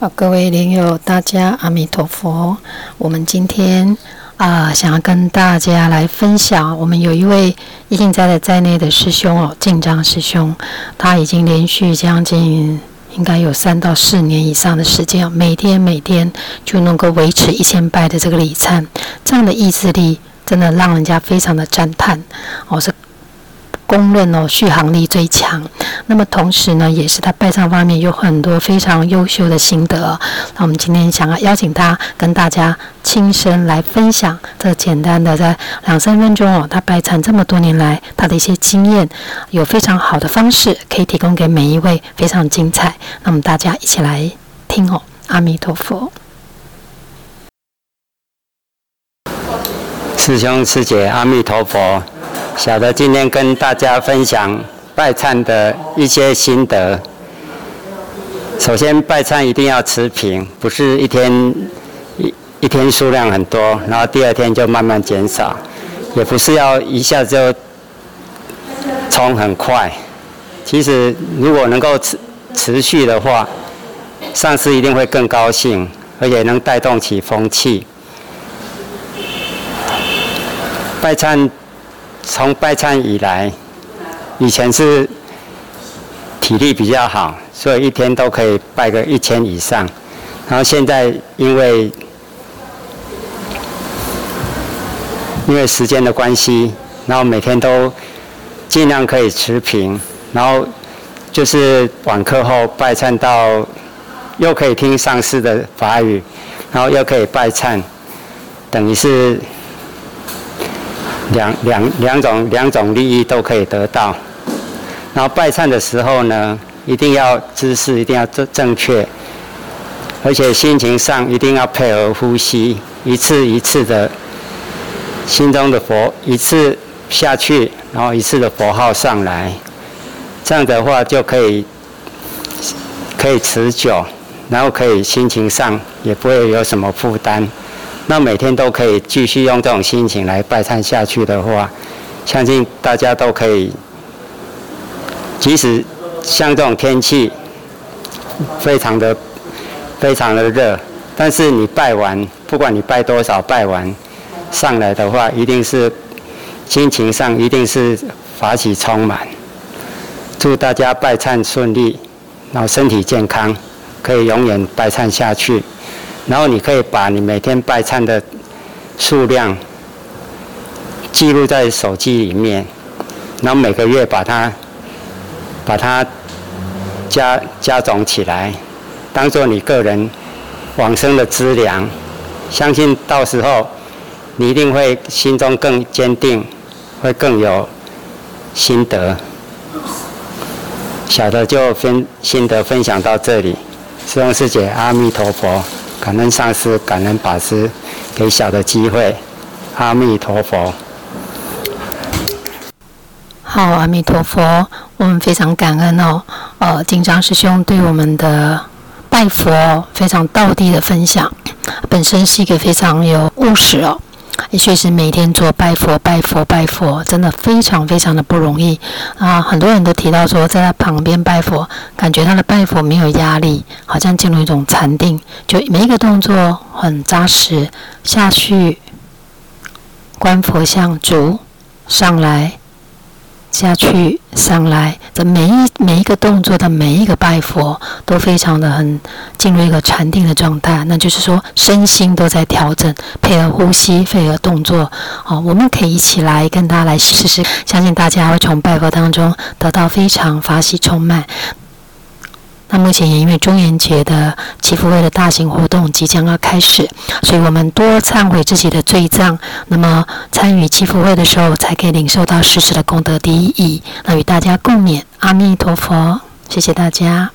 好、啊，各位蓮友，大家阿彌陀佛。我們今天啊、呃，想要跟大家來分享，我們有一位已經在在在內的師兄哦，淨章師兄，他已經連續將近應該有三到四年以上的時間、哦，每天每天就能夠維持一千拜的這個禮懺，這樣的意志力真的讓人家非常的讚歎哦，是公認哦續航力最強。那麼同時呢，也是他拜懺方面有很多非常優秀的心得。那我們今天想要邀請他跟大家親身來分享這簡單的，在兩三分鐘哦，他拜懺這麼多年來他的一些經驗，有非常好的方式可以提供給每一位，非常精彩。那麼大家一起來聽哦，阿彌陀佛。師兄師姐，阿彌陀佛。小的今天跟大家分享。拜懺的一些心得。首先，拜懺一定要持平，不是一天一一天數量很多，然後第二天就慢慢減少，也不是要一下子就衝很快。其實，如果能夠持持續的話，上司一定會更高興，而且能帶動起風氣。拜懺，從拜懺以來，以前是體力比較好，所以一天都可以拜個一千以上。然後現在因為因為時間的關係，然後每天都盡量可以持平。然後就是晚課後拜懺到又可以聽上師的法語，然後又可以拜懺，等於是兩兩兩種兩種利益都可以得到。然後拜懺的時候呢，一定要姿勢一定要正正確，而且心情上一定要配合呼吸，一次一次的，心中的佛一次下去，然後一次的佛號上來，這樣的話就可以可以持久，然後可以心情上也不會有什麼負擔，那每天都可以繼續用這種心情來拜懺下去的話，相信大家都可以。即使像這種天氣非常的、非常的熱，但是你拜完，不管你拜多少，拜完上來的話，一定是心情上一定是法喜充滿。祝大家拜懺順利，然後身體健康，可以永遠拜懺下去。然後你可以把你每天拜懺的數量記錄在手機裡面，然後每個月把它。把它加加總起來，當做你個人往生的資糧。相信到時候你一定會心中更堅定，會更有心得。小的就分心得分享到這裡。師兄師姐，阿彌陀佛，感恩上師，感恩法師給小的機會。阿彌陀佛。哦、阿彌陀佛，我們非常感恩哦。呃，金章師兄對我們的拜佛，哦、非常道地的分享，本身是一個非常有務實哦。也確實，每天做拜佛、拜佛、拜佛，真的非常非常的不容易啊。很多人都提到說，在他旁邊拜佛，感覺他的拜佛沒有壓力，好像進入一種禪定，就每一個動作很扎實。下去觀佛像主，足上來。下去、上來的每一每一個動作的每一個拜佛，都非常的很進入一個禪定的狀態，那就是說身心都在調整，配合呼吸，配合動作。啊、哦，我們可以一起來跟他來試試，相信大家會從拜佛當中得到非常法喜充滿。那目前也因為中元節的祈福會的大型活動即將要開始，所以我們多懺悔自己的罪障，那麼參與祈福會的時候，才可以領受到實質的功德第一義。那與大家共勉，阿彌陀佛，謝謝大家。